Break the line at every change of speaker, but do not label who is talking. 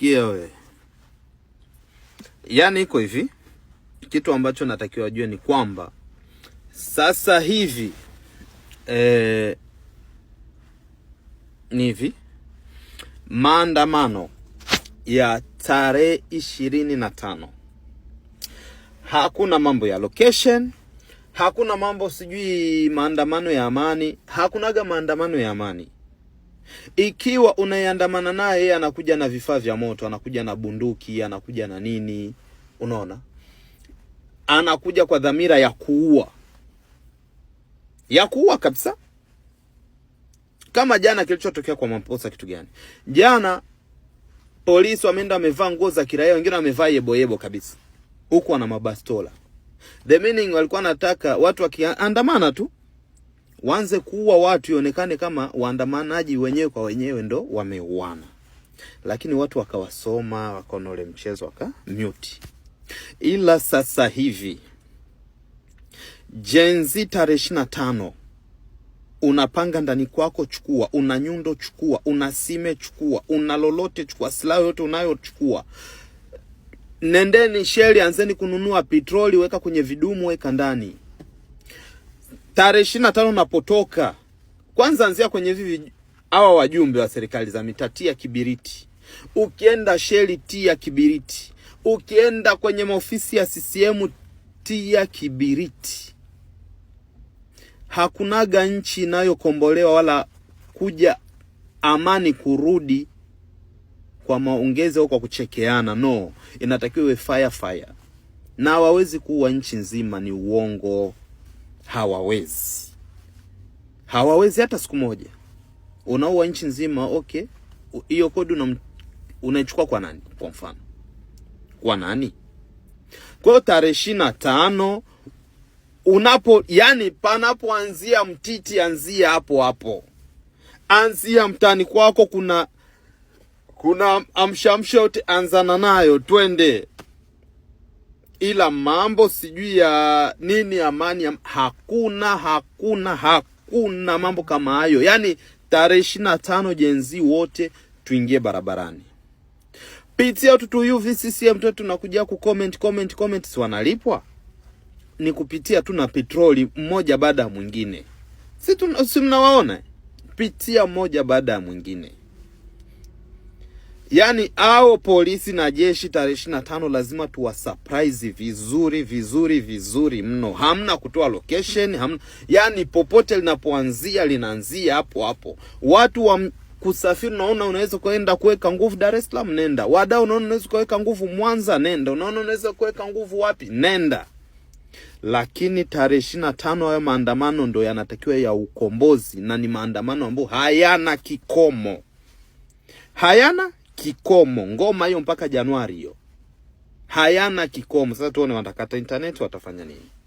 Sikia we, yaani iko hivi, kitu ambacho natakiwa jue ni kwamba sasa hivi eh, ni hivi maandamano ya tarehe ishirini na tano hakuna mambo ya location, hakuna mambo sijui maandamano ya amani, hakunaga maandamano ya amani. Ikiwa unayeandamana naye yeye anakuja na vifaa vya moto, anakuja na bunduki, anakuja na nini, unaona, anakuja kwa dhamira ya kuua, ya kuua kabisa. Kama jana kilichotokea kwa Mamposa, kitu gani? Jana polisi wameenda wamevaa nguo za kiraia, wengine wamevaa yeboyebo kabisa, huku wana mabastola, the meaning walikuwa wanataka watu wakiandamana tu waanze kuua watu, ionekane kama waandamanaji wenyewe kwa wenyewe ndo wameuana, lakini watu wakawasoma, wakaona ule mchezo waka mute. Ila sasa hivi Gen Z tarehe ishirini na tano unapanga ndani kwako, chukua. Una nyundo, chukua. Una sime, chukua. Una lolote, chukua. Silaha yote unayochukua, nendeni sheli, anzeni kununua petroli, weka kwenye vidumu, weka ndani tarehe ishirini na tano unapotoka kwanza, anzia kwenye hivi hawa wajumbe wa serikali za mitaa, tia kibiriti. Ukienda sheli, tia kibiriti. Ukienda kwenye maofisi ya CCM, tia kibiriti. Hakunaga nchi inayokombolewa wala kuja amani kurudi kwa maongezi au kwa kuchekeana. No, inatakiwa iwe fire fire, na wawezi kuwa nchi nzima, ni uongo hawawezi, hawawezi hata siku moja. Unaua nchi nzima, okay. Hiyo kodi una unaichukua kwa nani? Kwa mfano kwa nani? Kwa hiyo tarehe ishirini na tano unapo yani, panapoanzia mtiti, anzia hapo hapo, anzia mtani kwako. Kuna kuna amshamsha yote, anzana nayo, twende ila mambo sijui ya nini amani ya, hakuna hakuna hakuna mambo kama hayo. Yani tarehe ishirini na tano jenzi wote tuingie barabarani. Pitia tutu CCM tu tunakuja ku comment comment comment, si wanalipwa ni kupitia tu na petroli mmoja baada ya mwingine, si mnawaona, pitia mmoja baada ya mwingine. Yaani hao polisi na jeshi tarehe ishirini na tano lazima tuwasurprise vizuri vizuri vizuri mno. Hamna kutoa location, hamna. Yaani popote linapoanzia linaanzia hapo hapo. Watu wa kusafiri unaona unaweza kwenda kuweka nguvu Dar es Salaam, nenda. Wada unaona unaweza kuweka nguvu Mwanza, nenda. Unaona unaweza kuweka nguvu wapi? Nenda. Lakini tarehe ishirini na tano hayo maandamano ndo yanatakiwa ya ukombozi na ni maandamano ambayo hayana kikomo. Hayana kikomo. Ngoma hiyo mpaka Januari hiyo hayana kikomo. Sasa tuone watakata internet watafanya nini.